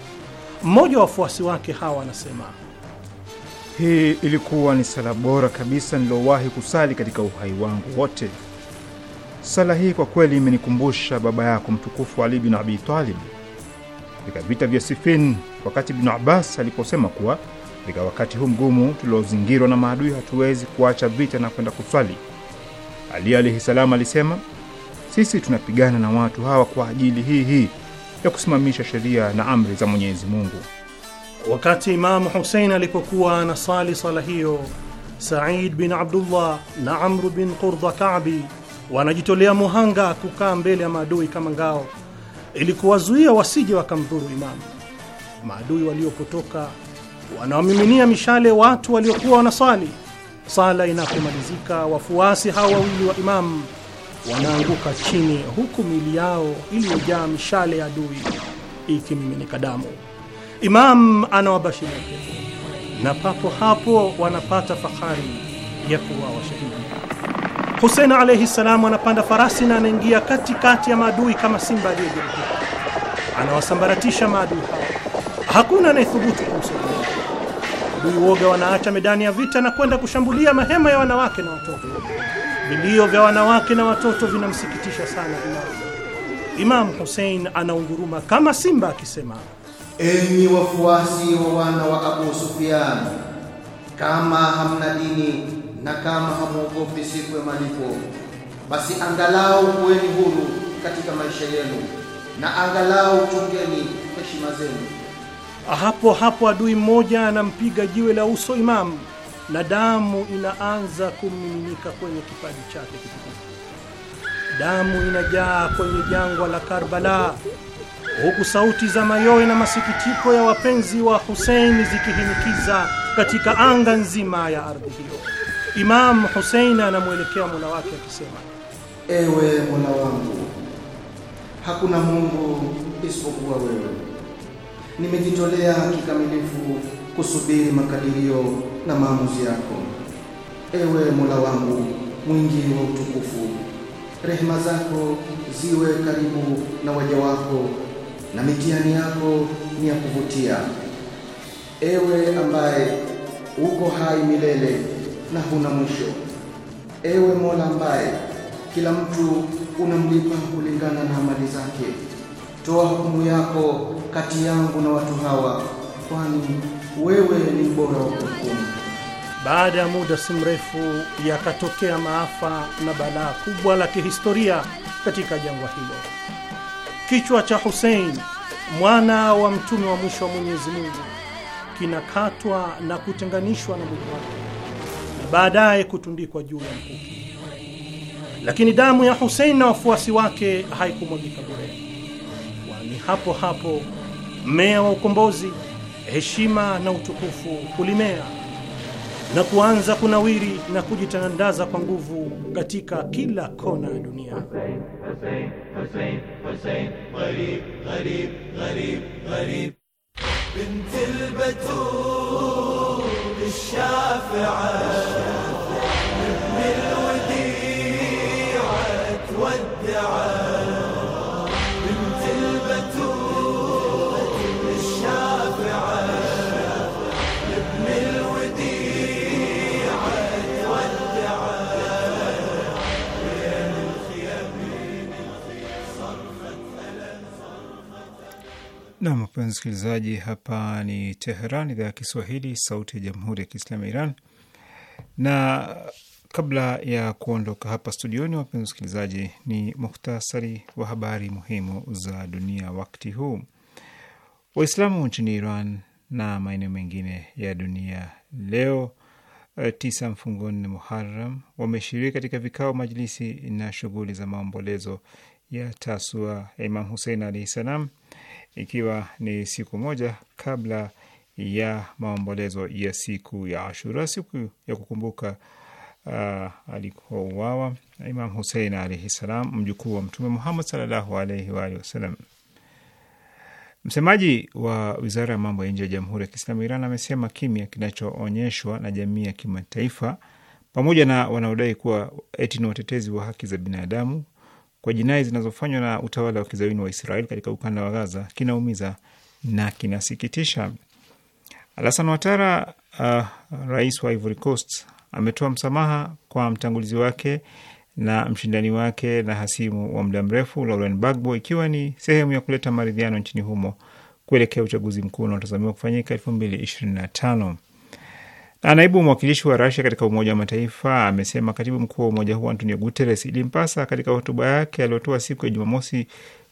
Mmoja wa wafuasi wake hawa anasema, hii ilikuwa ni sala bora kabisa niliowahi kusali katika uhai wangu wote. Sala hii kwa kweli imenikumbusha baba yako mtukufu Ali bin Abi Talib katika vita vya Sifin, wakati Ibnu Abbas aliposema kuwa katika wakati huu mgumu tuliozingirwa na maadui hatuwezi kuacha vita na kwenda kuswali. Ali alaihi salam alisema sisi tunapigana na watu hawa kwa ajili hii hii ya kusimamisha sheria na amri za Mwenyezi Mungu. Wakati Imamu Husein alipokuwa anasali sala hiyo, Said bin Abdullah na Amru bin Qurda Kabi wanajitolea muhanga kukaa mbele ya maadui kama ngao, ili kuwazuia wasije wakamdhuru imamu. Maadui waliopotoka wanawamiminia mishale watu waliokuwa wanasali. Sala inapomalizika, wafuasi hawa wawili wa imamu wanaanguka chini, huku mili yao iliyojaa mishale ya adui ikimiminika damu. Imam anawabashiria pepo, na papo hapo wanapata fahari ya kuwa washahidi. Husein alaihi salamu anapanda farasi na anaingia katikati ya maadui kama simba aliyejeruhiwa, anawasambaratisha maadui hao, hakuna anayethubutu kumsogelea. Adui woga wanaacha medani ya vita na kwenda kushambulia mahema ya wanawake na watoto. Vilio vya wanawake na watoto vinamsikitisha sana imamu. Imamu Hussein anaunguruma kama simba akisema, enyi wafuasi wa wana wa Abu Sufyan, kama hamna dini na kama hamwogopi siku ya malipo, basi angalau kuweni huru katika maisha yenu na angalau chungeni heshima zenu. Hapo hapo adui mmoja anampiga jiwe la uso imamu na damu inaanza kumiminika kwenye kipaji chake kitukufu. Damu inajaa kwenye jangwa la Karbala, huku sauti za mayowe na masikitiko ya wapenzi wa Huseini zikihinikiza katika anga nzima ya ardhi hiyo. Imamu Huseini anamwelekea mola wake akisema, ewe mola wangu, hakuna Mungu isipokuwa wewe, nimejitolea kikamilifu kusubiri makadirio na maamuzi yako. Ewe Mola wangu mwingi wa utukufu, rehema zako ziwe karibu na waja wako, na mitihani yako ni ya kuvutia. Ewe ambaye uko hai milele na huna mwisho, ewe Mola ambaye kila mtu unamlipa kulingana na amali zake, toa hukumu yako kati yangu na watu hawa, kwani wewe ni mbora wa kuhukumu. Baada ya muda si mrefu yakatokea maafa na balaa kubwa la kihistoria katika jangwa hilo. Kichwa cha Hussein mwana wa mtume wa mwisho wa Mwenyezi Mungu kinakatwa na kutenganishwa na mwili wake na baadaye kutundikwa juu ya mkuki, lakini damu ya Hussein na wafuasi wake haikumwagika bure, kwani hapo hapo mmea wa ukombozi heshima na utukufu kulimea na kuanza kunawiri na kujitandaza kwa nguvu katika kila kona ya dunia. Hussein, Hussein, Hussein, Hussein, gharib, gharib, gharib, gharib. Na wapenzi msikilizaji, hapa ni Teheran, idhaa ya Kiswahili, sauti ya jamhuri ya kiislamu ya Iran. Na kabla ya kuondoka hapa studioni, wapenzi msikilizaji, ni muhtasari wa habari muhimu za dunia wakti huu. Waislamu nchini Iran na maeneo mengine ya dunia leo eh, tisa mfungo nne Muharram wameshiriki katika vikao, majlisi na shughuli za maombolezo ya tasua Imam Husein alahi salam ikiwa ni siku moja kabla ya maombolezo ya siku ya Ashura, siku ya kukumbuka uh, alikouawa Imam Husein alaihi salam, mjukuu wa Mtume Muhammad sallallahu alaihi waalihi wasallam. Msemaji wa wizara ya mambo ya nje ya Jamhuri ya Kiislamu Iran amesema kimya kinachoonyeshwa na jamii ya kimataifa pamoja na wanaodai kuwa eti ni watetezi wa haki za binadamu kwa jinai zinazofanywa na utawala wa kizayuni wa Israel katika ukanda wa Gaza kinaumiza na kinasikitisha. Alasan Watara, uh, rais wa Ivory Coast, ametoa msamaha kwa mtangulizi wake na mshindani wake na hasimu wa muda mrefu Laurent bagbo ikiwa ni sehemu ya kuleta maridhiano nchini humo kuelekea uchaguzi mkuu unaotazamiwa kufanyika elfu mbili ishirini na tano. Naibu mwakilishi wa Rasia katika Umoja wa Mataifa amesema katibu mkuu wa umoja huo Antonio Guterres ilimpasa katika hotuba yake aliyotoa siku ya Jumamosi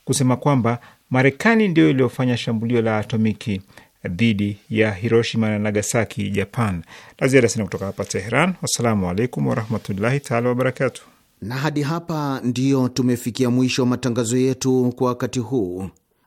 kusema kwamba Marekani ndiyo iliyofanya shambulio la atomiki dhidi ya Hiroshima na Nagasaki, Japan. La ziada sina kutoka hapa Teheran. Wassalamu alaikum warahmatullahi taala wabarakatuh. Na hadi hapa ndiyo tumefikia mwisho wa matangazo yetu kwa wakati huu.